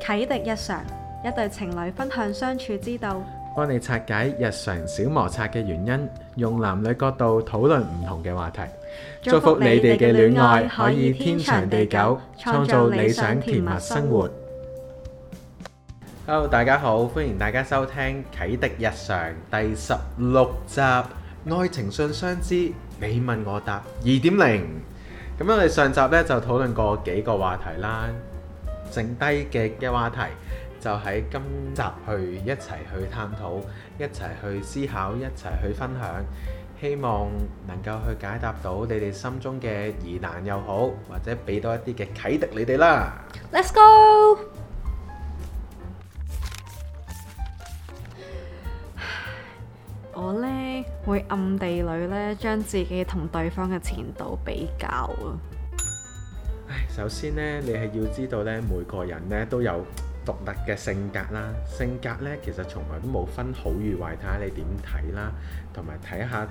啟迪日常，一對情侶分享相處之道，幫你拆解日常小摩擦嘅原因，用男女角度討論唔同嘅話題，祝福你哋嘅戀愛可以天長地久，創造理想甜蜜生活。Hello，大家好，歡迎大家收聽《啟迪日常》第十六集《愛情信箱之你問我答二點零》。咁樣我哋上集咧就討論過幾個話題啦。剩低嘅嘅話題，就喺今集去一齊去探討，一齊去思考，一齊去分享，希望能夠去解答到你哋心中嘅疑難又好，或者俾多一啲嘅啟迪你哋啦。Let's go！我呢會暗地裏呢，將自己同對方嘅前度比較啊。首先咧，你係要知道咧，每個人咧都有獨特嘅性格啦。性格咧，其實從來都冇分好與壞，睇下你點睇啦。同埋睇下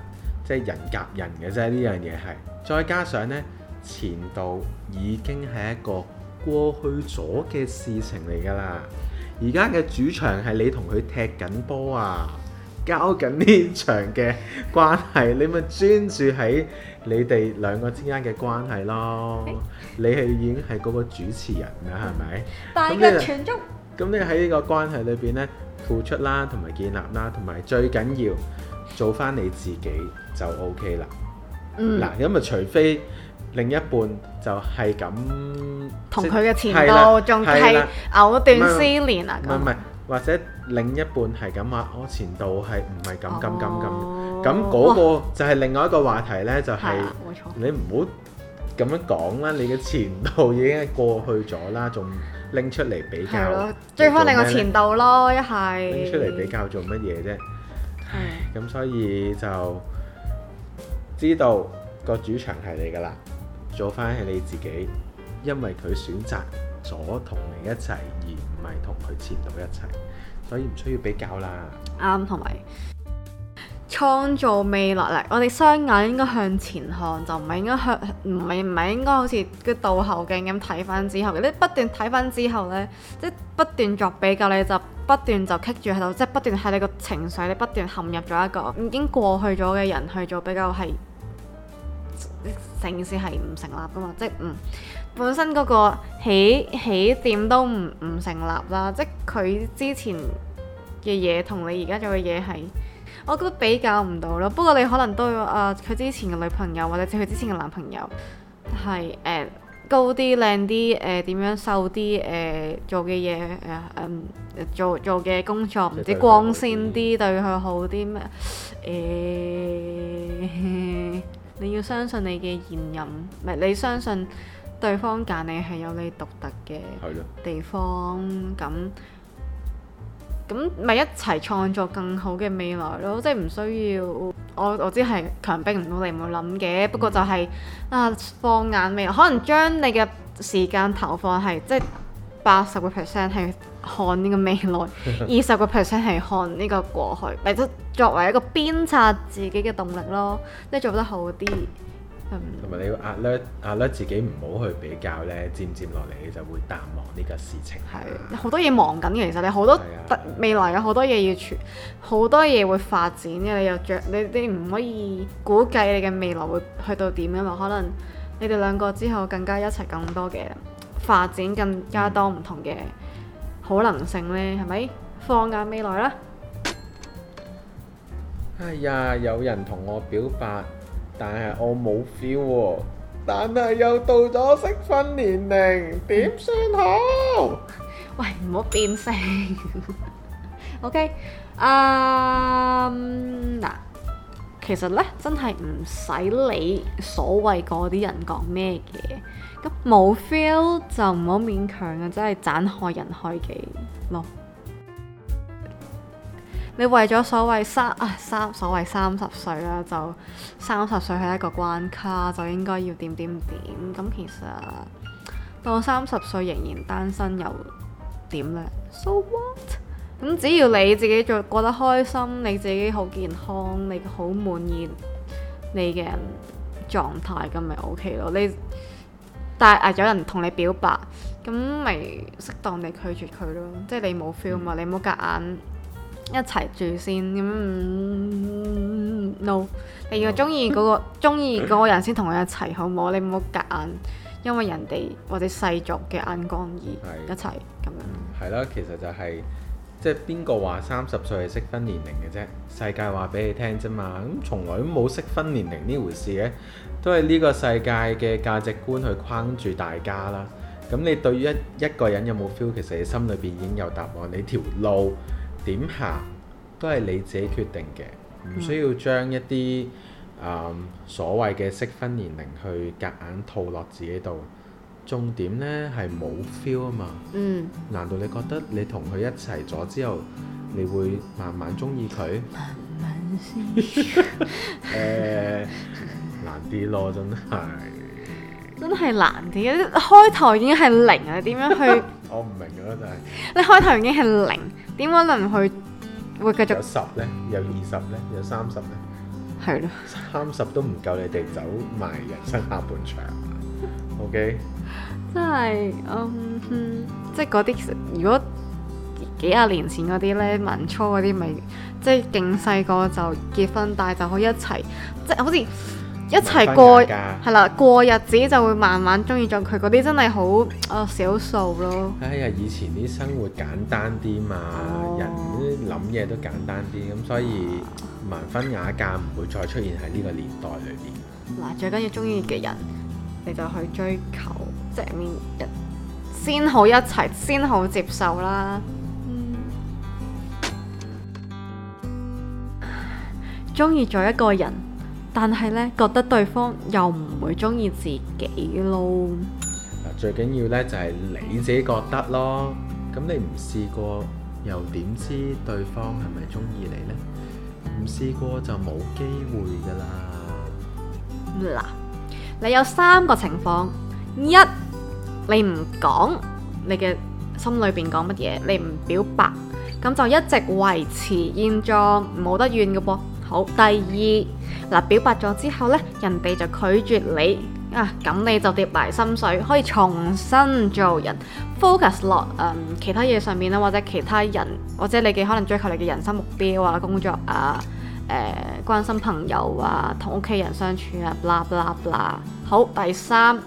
即係人夾人嘅啫，呢樣嘢係。再加上咧，前度已經係一個過去咗嘅事情嚟㗎啦。而家嘅主場係你同佢踢緊波啊！交緊呢場嘅關係，你咪專注喺你哋兩個之間嘅關係咯。你係已經係嗰個主持人啦，係咪？但係咁你喺呢個關係裏邊咧，付出啦，同埋建立啦，同埋最緊要做翻你自己就 OK 啦。嗯。嗱，咁咪除非另一半就係咁同佢嘅前度仲係藕斷絲連啊。唔係唔係，或者。另一半係咁話，我、哦、前度係唔係咁咁咁咁咁，咁嗰、哦、個就係另外一個話題呢，哇就係、是啊、你唔好咁樣講啦。你嘅前度已經過去咗啦，仲拎出嚟比較追翻你個前度咯，一係拎出嚟比較做乜嘢啫？的唉，咁所以就知道、這個主場係你噶啦，做翻係你自己，因為佢選擇咗同你一齊，而唔係同佢前度一齊。所以唔需要比較啦。啱、嗯，同埋創造未來咧，我哋雙眼應該向前看，就唔係應該向唔係唔係應該好似個倒後鏡咁睇翻之後，你不斷睇翻之後呢，即不斷作比較，你就不斷就棘住喺度，即、就、係、是、不斷喺你個情緒，你不斷陷入咗一個已經過去咗嘅人去做比較，係成件事係唔成立㗎嘛？即係嗯。本身嗰個起起點都唔唔成立啦，即佢之前嘅嘢同你而家做嘅嘢係，我覺得比較唔到咯。不過你可能都要啊，佢之前嘅女朋友或者佢之前嘅男朋友係誒、欸、高啲、靚啲、誒、欸、點樣瘦啲、誒、欸、做嘅嘢誒嗯做做嘅工作唔知光鮮啲對佢好啲咩誒？你要相信你嘅現任，唔係你相信。對方揀你係有你獨特嘅地方，咁咁咪一齊創作更好嘅未來咯！即係唔需要，我我知係強迫唔到你唔會諗嘅，不過就係、是、啊，放眼未來，可能將你嘅時間投放係即係八十個 percent 係看呢個未來，二十個 percent 係看呢個過去，咪都 作為一個鞭策自己嘅動力咯，即係做得好啲。同埋、嗯、你要 a l e r 自己唔好去比較咧，漸漸落嚟你就會淡忘呢個事情。係好多嘢忙緊嘅，其實你好多、啊、未來有好多嘢要存，好多嘢會發展嘅。你又着，你你唔可以估計你嘅未來會去到點噶嘛？可能你哋兩個之後更加一齊更多嘅發展，更加多唔同嘅可能性咧，係咪、嗯？放眼未來啦！哎呀，有人同我表白。但係我冇 feel 喎、哦，但係又到咗適婚年齡，點算好？ 喂，唔好變性 ，OK？啊，嗱，其實呢，真係唔使理所謂嗰啲人講咩嘢，咁冇 feel 就唔好勉強啊，真係盞害人害己咯。你為咗所謂三啊、哎、三所謂三十歲啦，就三十歲係一個關卡，就應該要點點點。咁其實到三十歲仍然單身又點呢？So what？咁只要你自己做過得開心，你自己好健康，你好滿意你嘅狀態咁咪 OK 咯。你但係有人同你表白，咁咪適當地拒絕佢咯。即係你冇 feel 嘛、嗯，你冇夾硬。一齊住先咁 no，, no。你要中意嗰個中意嗰個人先同佢一齊好冇？你唔好夾硬，因為人哋或者世俗嘅眼光而一齊咁是樣。係啦，嗯，其實就係即係邊個話三十歲係適婚年齡嘅啫？世界話俾你聽啫嘛，咁從來都冇適婚年齡呢回事嘅，都係呢個世界嘅價值觀去框住大家啦。咁你對於一一個人有冇 feel，其實你心裏邊已經有答案，你條路，點行都係你自己決定嘅，唔需要將一啲、呃、所謂嘅適婚年齡去夾硬套落自己度。重點呢係冇 feel 啊嘛，嗯、難道你覺得你同佢一齊咗之後，你會慢慢中意佢？慢慢先誒、 欸，難啲咯，真係真係難啲啊！開頭已經係零啊，點樣去？ 我唔明咯，但係你開頭已經係零，點可能去會繼續有十呢？有二十呢？有三十呢？係咯的，三十都唔夠你哋走埋人生下半場 ，OK？真係、嗯，嗯，即係嗰啲如果幾廿年前嗰啲呢，文初嗰啲咪即係勁細個就結婚，但係就可以一齊，即係好似。一齊過係啦，過日子就會慢慢中意咗佢嗰啲，真係好啊少數咯。哎呀，以前啲生活簡單啲嘛，oh. 人啲諗嘢都簡單啲，咁所以盲婚啞嫁唔會再出現喺呢個年代裏邊。嗱、啊，最緊要中意嘅人，你就去追求人，一面一先好一齊，先好接受啦。嗯，中意咗一個人。但係咧，覺得對方又唔會中意自己咯。嗱，最緊要咧就係你自己覺得咯。咁你唔試過，又點知對方係咪中意你呢？唔試過就冇機會噶啦。嗱，你有三個情況：一，你唔講你嘅心裏邊講乜嘢，你唔表白，咁就一直維持現狀，冇得怨嘅噃。好，第二。嗱、呃，表白咗之後呢，人哋就拒絕你啊，咁你就跌埋心水，可以重新做人，focus 落，誒其他嘢上面啦，或者其他人，或者你嘅可能追求你嘅人生目標啊、工作啊、誒、呃、關心朋友啊、同屋企人相處啊，啦啦啦，好，第三，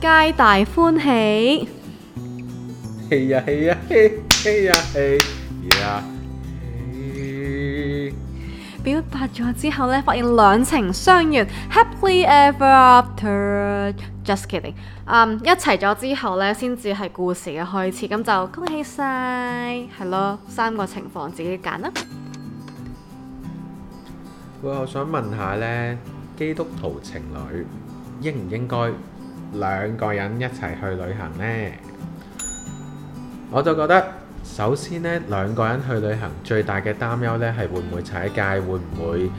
皆大歡喜，嘿呀嘿呀嘿嘿呀嘿呀表白咗之後呢，發現兩情相悅，happily ever after。Just kidding，嗯，一齊咗之後呢，先至係故事嘅開始，咁就恭喜晒，係咯。三個情況自己揀啦。哇！我想問下呢，基督徒情侶應唔應該兩個人一齊去旅行呢？我就覺得。首先呢，兩個人去旅行最大嘅擔憂呢係會唔會踩界，會唔會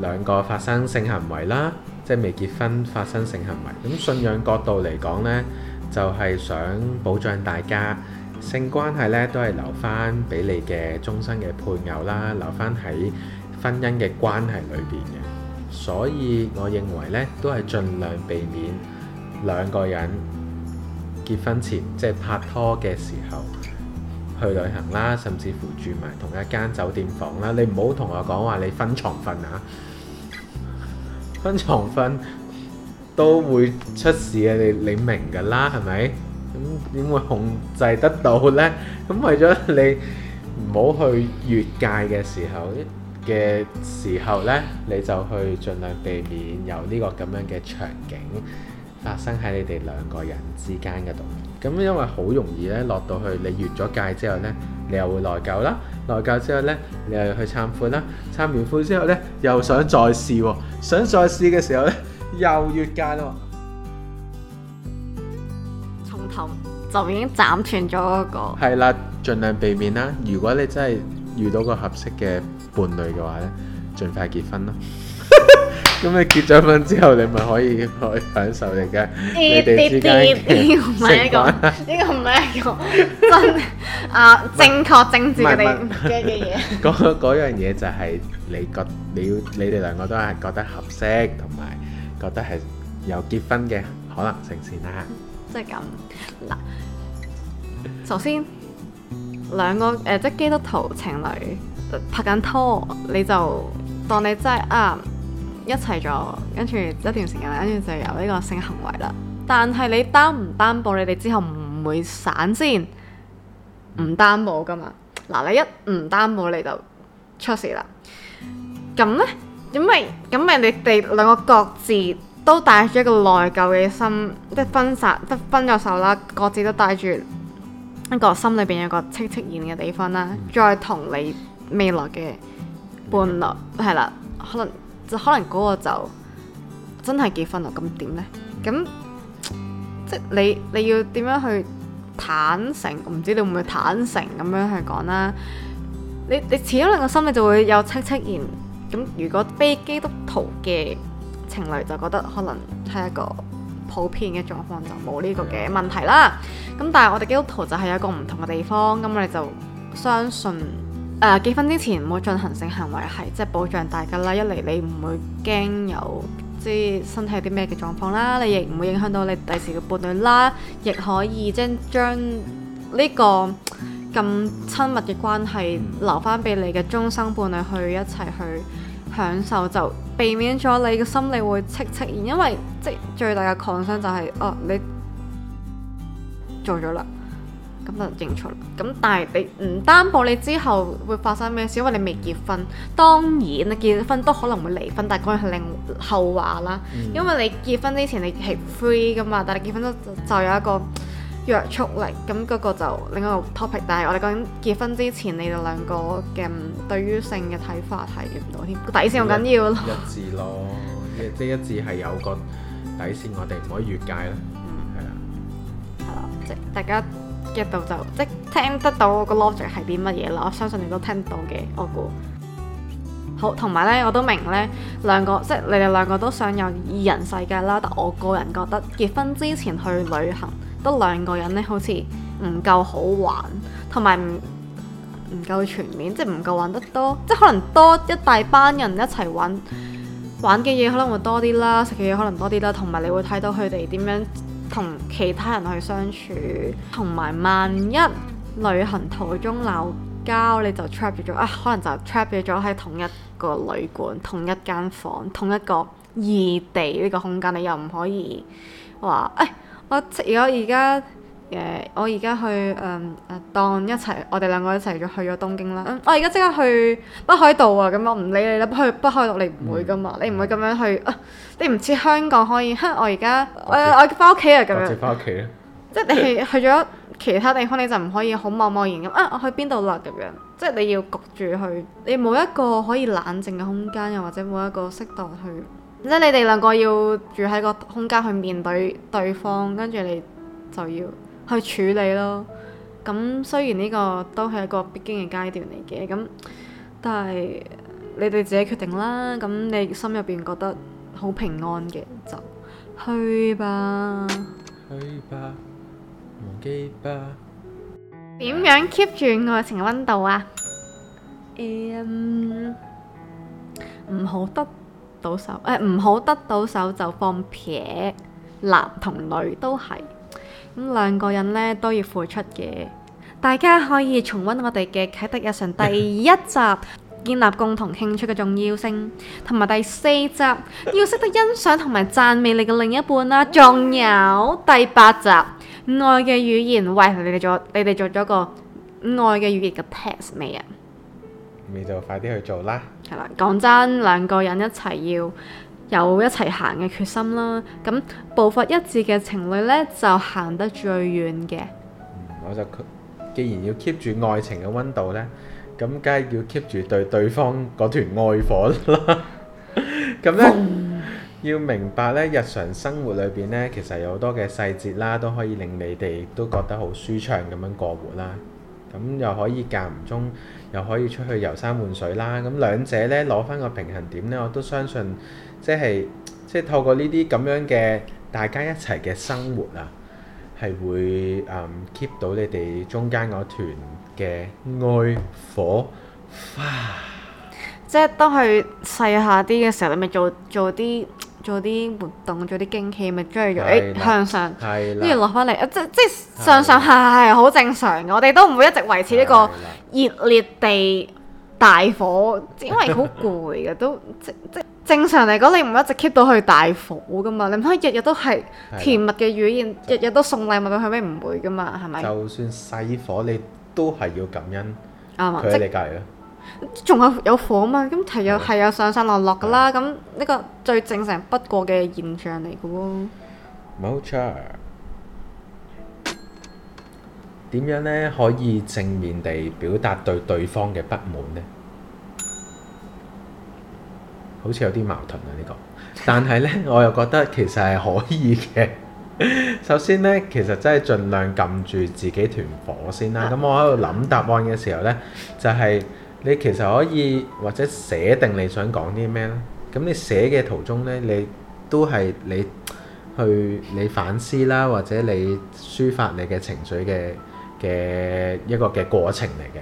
兩個發生性行為啦？即係未結婚發生性行為。咁信仰角度嚟講呢，就係想保障大家性關係呢都係留翻俾你嘅終身嘅配偶啦，留翻喺婚姻嘅關係裏邊嘅。所以我認為呢都係盡量避免兩個人結婚前即係拍拖嘅時候，去旅行啦，甚至乎住埋同一間酒店房啦。你唔好同我講話你分床瞓啊，分床瞓都會出事啊。你你明㗎啦，係咪？咁點會控制得到呢？咁為咗你唔好去越界嘅時候，嘅時候呢，你就去盡量避免有呢個咁樣嘅場景發生喺你哋兩個人之間嘅度。咁因為好容易咧，落到去你越咗界之後咧，你又會內疚啦，內疚之後咧，你又去懺悔啦，懺完悔之後咧，又想再試喎，想再試嘅時候咧，又越界咯，從頭就已經斬斷咗嗰個。係啦，盡量避免啦。如果你真係遇到個合適嘅伴侶嘅話咧，盡快結婚咯。咁你結咗婚之後，你咪可以去享受嚟嘅，呢個唔係一個。呢個唔係一個真啊正確、正字嘅嘅嘢。嗰嗰樣嘢就係你覺你要你哋兩個都係覺得合適，同埋覺得係有結婚嘅可能性先啦。即係咁嗱，首先兩個誒即係基督徒情侶拍緊拖，你就當你真係啊。一齊咗，跟住一段時間，跟住就有呢個性行為啦。但係你擔唔擔保你哋之後唔會散先？唔擔保㗎嘛，嗱，你一唔擔保你就出事啦。咁呢？咁咪咁咪你哋兩個各自都帶住一個內疚嘅心，即係分散，即分咗手啦，各自都帶住一個心裏邊有一個戚戚然嘅地方啦。再同你未來嘅伴侶係啦，可能。就可能嗰個就真係結婚咯，咁點呢？咁即你你要點樣去坦誠？唔知你會唔會坦誠咁樣去講啦？你你始終，你，你心就會有戚戚然。咁如果非基督徒嘅情侶就覺得可能係一個普遍嘅狀況，就冇呢個嘅問題啦。咁但係我哋基督徒就係有一個唔同嘅地方，咁我哋就相信。誒結婚之前唔好進行性行為，係即係保障大家啦。一嚟你唔會驚有即係身體有啲咩嘅狀況啦，你亦唔會影響到你第時嘅伴侶啦，亦可以即係將呢個咁親密嘅關係留翻俾你嘅終生伴侶去一齊去享受，就避免咗你嘅心理會戚戚然，因為即最大嘅 concern 就係、是、哦、啊、你做咗啦。咁就認錯啦。咁但係你唔擔保你之後會發生咩事，因為你未結婚。當然你結婚都可能會離婚，但係嗰樣係另後話啦。嗯、因為你結婚之前你係 free 噶嘛，但係結婚都就有一個約束力。咁嗰個就另一個 topic。但係我哋講緊結婚之前，你哋兩個嘅對於性嘅睇法係幾唔同添？底線好緊要咯。一致咯，即係一致係有個底線我，我哋唔可以越界啦。係啊，係啦，即 大家。一度就即聽得到個 logic 係啲乜嘢啦，我相信你都聽到嘅，我估。好，同埋呢，我都明呢兩個，即你哋兩個都想有二人世界啦。但我個人覺得結婚之前去旅行，得兩個人呢，好似唔夠好玩，同埋唔唔夠全面，即唔夠玩得多。即可能多一大班人一齊玩，玩嘅嘢可能會多啲啦，食嘅嘢可能多啲啦，同埋你會睇到佢哋點樣，同其他人去相處，同埋萬一旅行途中鬧交，你就 trap 住咗啊、哎！可能就 trap 住咗喺同一個旅館、同一間房、同一個異地呢個空間，你又唔可以話，哎，我而家而家。誒，yeah，我而家去誒誒、嗯啊，當一齊，我哋兩個一齊去咗東京啦。嗯、我而家即刻去北海道啊！咁我唔理你啦，去北海道你唔會㗎嘛，嗯、你唔會咁樣去啊？你唔似香港可以嚇、啊。我而謝家我我返屋企啊，咁樣即係你去咗其他地方，你就唔可以好貿貿然咁啊！我去邊度啦？咁樣即係、就是、你要焗住去，你冇一個可以冷靜嘅空間，又或者冇一個適當去，即、就、係、是、你哋兩個要住喺個空間去面對對方，跟住你就要。去處理咯，咁雖然呢個都係一個必經嘅階段嚟嘅，咁但係你哋自己決定啦。咁你心入邊覺得好平安嘅就去吧，去吧，忘記吧。點樣 keep 住愛情嘅溫度啊？Um, 唔好得到手，誒、欸、唔好得到手就放撇，男同女都係。咁兩個人咧都要付出嘅，大家可以重温我哋嘅啟廸日常第一集 建立共同興趣嘅重要性，同埋第四集 要識得欣賞同埋讚美你嘅另一半啦，啊，仲有第八集愛嘅語言，喂，你哋做你哋做咗個愛嘅語言嘅 test 未啊？你就快啲去做啦！係啦，講真，兩個人一齊要。有一齊行嘅決心啦，咁步伐一致嘅情侶呢，就行得最遠嘅、嗯。我就既然要 keep 住愛情嘅溫度呢，咁梗係要 keep 住對對方嗰團愛火啦。咁 呢，嗯、要明白呢，日常生活裏邊呢，其實有好多嘅細節啦，都可以令你哋都覺得好舒暢咁樣過活啦。咁、嗯、又可以間唔中，又可以出去遊山玩水啦。咁、嗯、兩者咧攞返個平衡點咧，我都相信，即係即係透過呢啲咁樣嘅大家一齊嘅生活啊，係會誒 keep、嗯、到你哋中間嗰團嘅愛火花。即係當佢細下啲嘅時候，你咪做做啲。做啲活動，做啲驚喜，咪即係做，誒向上，跟住落翻嚟，啊的即即上上下下係好正常嘅，我哋都唔會一直維持呢個熱烈地大火，因為好攰嘅， 都即即正常嚟講，你唔會一直 keep 到去大火噶嘛，你唔可以日日都係甜蜜嘅語言，日日的都送禮物俾佢，咩唔會噶嘛，係咪？就算細火你都係要感恩，啱啊吧，佢喺你隔籬啊。仲有有火嘛，咁係有係有上上落落㗎啦，咁呢、嗯、個最正常不過嘅現象嚟嘅喎。冇錯，點樣呢可以正面地表達對對方嘅不滿呢？好似有啲矛盾啊呢、呢個，但係呢，我又覺得其實係可以嘅。 首先呢，其實真係盡量撳住自己團火先啦。咁、啊、我喺度諗答案嘅時候呢，就係、係。你其實可以或者寫定你想講啲咩囉？咁你寫嘅途中呢，你都係你去你反思啦，或者你抒發你嘅情緒嘅嘅一個嘅過程嚟嘅。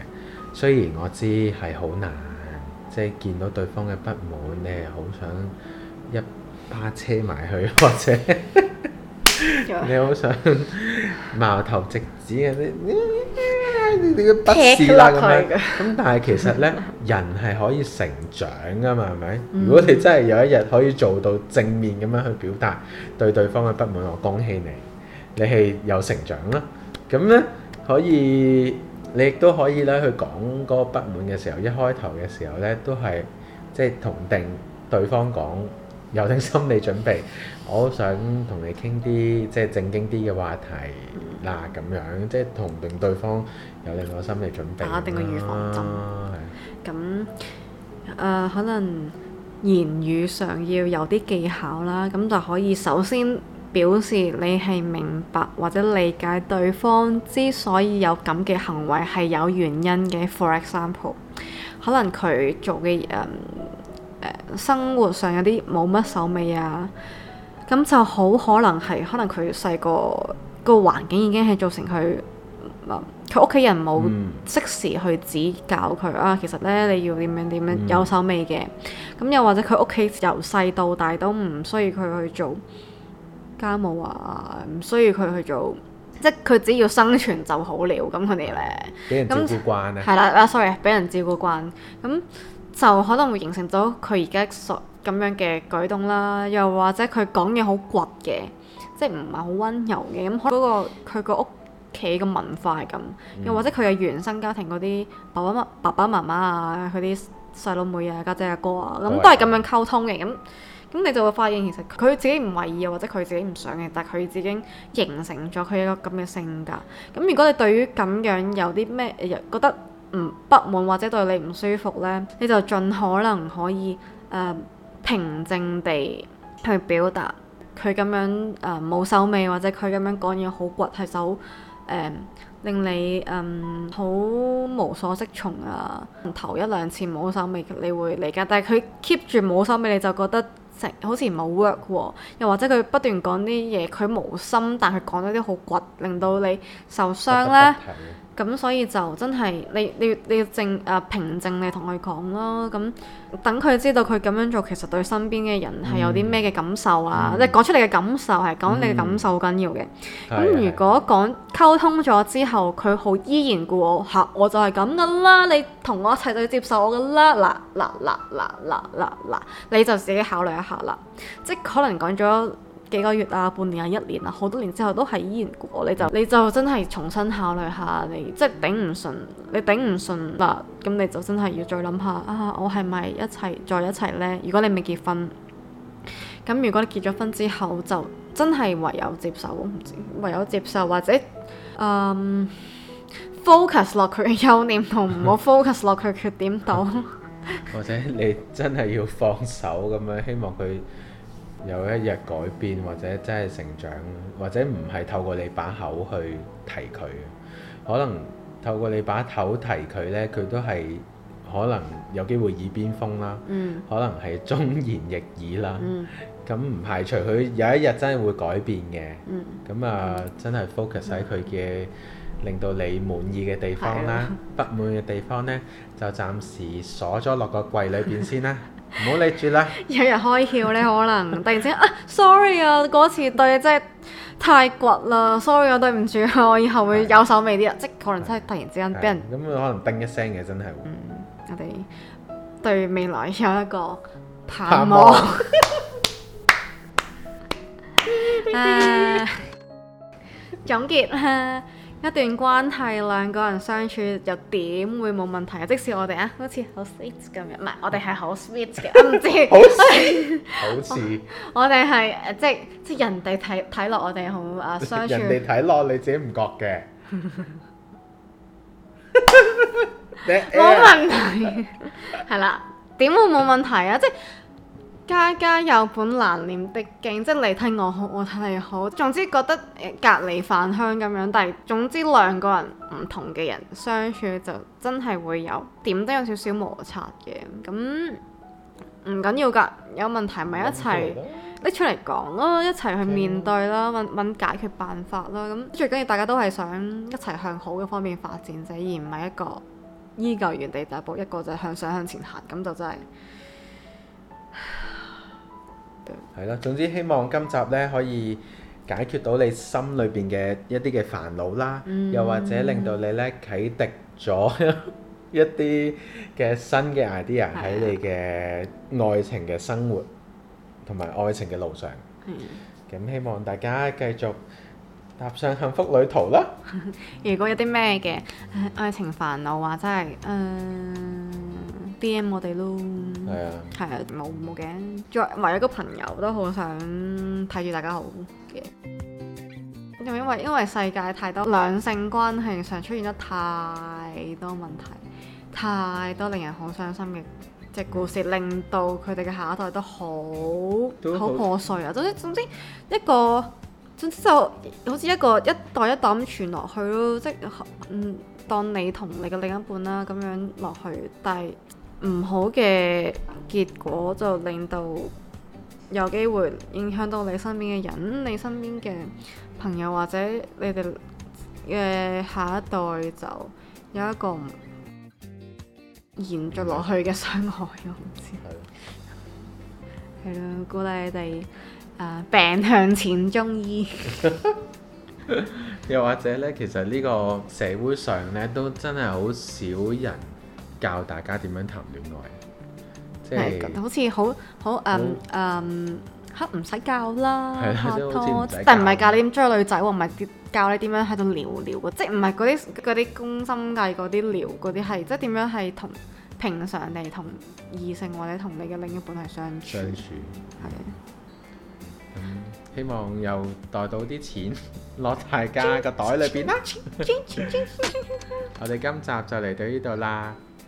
雖然我知係好難，即係見到對方嘅不滿，你係好想一巴車埋去或者。 你好想矛頭直指嘅，你你你你你嘅不事啦咁樣，咁但係其實咧，人係可以成長噶嘛，係咪？如果你真係有一日可以做到正面咁樣去表達對對方嘅不滿，我恭喜你，你係有成長啦。咁咧可以，你亦都可以咧去講嗰個不滿嘅時候，一開頭嘅時候咧都係即係同定對方講。有定心理準備，我想同你傾啲即係正經啲嘅話題嗱，咁樣即係同定對方有定個心理準備，打定個預防針。咁誒係、呃，可能言語上要有啲技巧啦，咁就可以首先表示你係明白或者理解對方之所以有咁嘅行為係有原因嘅。For example，可能佢做嘅誒。嗯生活上有啲冇乜手尾啊，咁就好可能係，可能佢細個個環境已經係造成佢，佢屋企人冇適時去指教佢啊。其實咧，你要點樣點樣有手尾嘅，咁又、嗯嗯嗯嗯、或者佢屋企由細到大都唔需要佢去做家務啊，唔需要佢去做，即係佢只要生存就好了。咁佢哋咧，俾人照顧慣係啦，sorry，俾人照顧慣咁。嗯就可能會形成咗佢而家咁樣嘅舉動啦，又或者佢講嘢好倔嘅，即係唔係好温柔嘅，咁嗰個佢個屋企嘅文化係咁，嗯、又或者佢嘅原生家庭嗰啲爸爸媽、爸爸媽媽啊，佢啲細佬妹啊、家姐啊、哥啊，咁都係咁樣溝通嘅，咁咁你就會發現其實佢自己唔為意啊，或者佢自己唔想嘅，但係佢已經形成咗佢一個咁嘅性格。咁如果你對於咁樣有啲咩誒覺得？唔不滿或者對你唔舒服呢，你就盡可能可以誒、呃、平靜地去表達佢咁樣誒冇手尾，或者佢咁樣講嘢好倔係手誒令你嗯好、呃、無所適從啊。從頭一兩次冇手尾，你會理解，但係佢 keep 住冇手尾，你就覺得成好似冇 work 喎。又或者佢不斷講啲嘢，佢無心，但係講咗啲好倔，令到你受傷呢。咁所以就真係你你你要靜啊、呃、平靜你同佢講咯，咁等佢知道佢咁樣做其實對身邊嘅人係有啲咩嘅感受啊，嗯、你講出你嘅感受係講你嘅感受好緊要嘅。咁、嗯、如果講溝通咗之後，佢好依然故我嚇、啊，我就係咁嘅啦，你同我一齊就要接受我嘅啦，嗱嗱嗱嗱嗱嗱嗱，你就自己考慮一下啦，即係可能講咗。幾個月啊，半年啊，一年啊，好多年之後都係依然過，你就你就真係重新考慮下你，即係頂唔順，你頂唔順嗱，咁你就真係要再諗下啊，我係咪一齊再一齊呢？如果你未結婚，咁如果你結咗婚之後就真係唯有接受，唔知，唯有接受或者、嗯、focus 落佢嘅優點，同唔好 focus 落佢缺點度， 或者你真係要放手咁樣，希望佢有一日改變或者真係成長，或者唔係透過你把口去提佢，可能透過你把口提佢呢，佢都係可能有機會耳邊風啦，嗯、可能係忠言逆耳啦。咁唔排除佢有一日真係會改變嘅。咁、嗯、啊，真係 focus 喺佢嘅令到你滿意嘅地方啦，不了滿嘅地方呢，就暫時鎖咗落個櫃裏邊先啦。 唔好理住啦，有日開竅咧可能，突然之間 啊，sorry 啊，嗰次對真係太倔啦，sorry 啊，對唔住啊，我以後會有手尾啲啊，的即係可能真係突然之間俾人咁、嗯、可能叮一聲嘅真係、嗯，我哋對未來有一個盼望啊，總結啦。Uh, 一段關係，兩個人相處又點會冇問題？即使我哋啊，好似好 sweet 咁樣，唔係我哋係好 sweet 嘅，我唔知 好，好 sweet，好似我哋係誒，即係即係人哋睇睇落，我哋好誒相處，人哋睇落你自己唔覺嘅，冇 問題，係啦，點會冇問題啊？即係。家家有本難念的經，即係你睇我好，我睇你好。總之覺得隔離飯香咁樣，但係總之兩個人唔同嘅人相處就真係會有點都有少少摩擦嘅。咁唔緊要㗎，有問題咪一齊拎出嚟講咯，一齊去面對啦，揾揾解決辦法啦。咁最緊要大家都係想一齊向好嘅方面發展啫，而唔係一個依舊原地踏步，一個就向上向前行，咁就真係。係啦，總之希望今集咧可以解決到你心裏面嘅一啲嘅煩惱啦，又或者令到你咧啟迪咗一啲嘅新嘅 idea 喺你嘅愛情嘅生活同埋愛情嘅路上。咁希望大家繼續踏上幸福旅途啦！如果有啲咩嘅愛情煩惱話，真係誒～DM 我哋咯，係 Yeah. 啊，係啊，冇冇嘅。作為一個朋友都好想睇住大家好嘅。咁因為因為世界太多兩性關係上出現得太多問題，太多令人好傷心嘅隻故事，mm. 令到佢哋嘅下一代都，都好好破碎啊。總之總之一個總之就好似一個一代一代咁傳落去咯，即係嗯當你同你嘅另一半啦咁樣落去，但係。唔好嘅結果就令到有機會影響到你身邊嘅人，你身邊嘅朋友或者你哋嘅下一代就有一個延續落去嘅傷害咯。我唔知。係咯的， 鼓勵你哋，啊，病向淺中醫。 又或者呢，其實呢個社會上呢，都真係好少人，教大家點樣談戀愛，即係好似、uh, um, 好好嗯嗯，黑唔使教啦，拍拖，但唔係教你點追女仔，或唔係教你點樣喺度聊聊嘅，即係唔係嗰啲嗰啲攻心計嗰啲聊嗰啲，係即係點樣係同平常地同異性或者同你嘅另一半係相處。係啊、嗯，希望又袋到啲錢落大家個袋裏邊啦。我哋今集就嚟到呢度啦。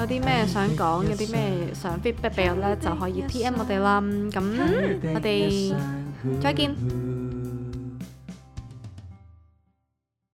有啲咩想講，有啲咩想 feedback 俾我咧，就可以 PM 我哋啦。咁我哋再見。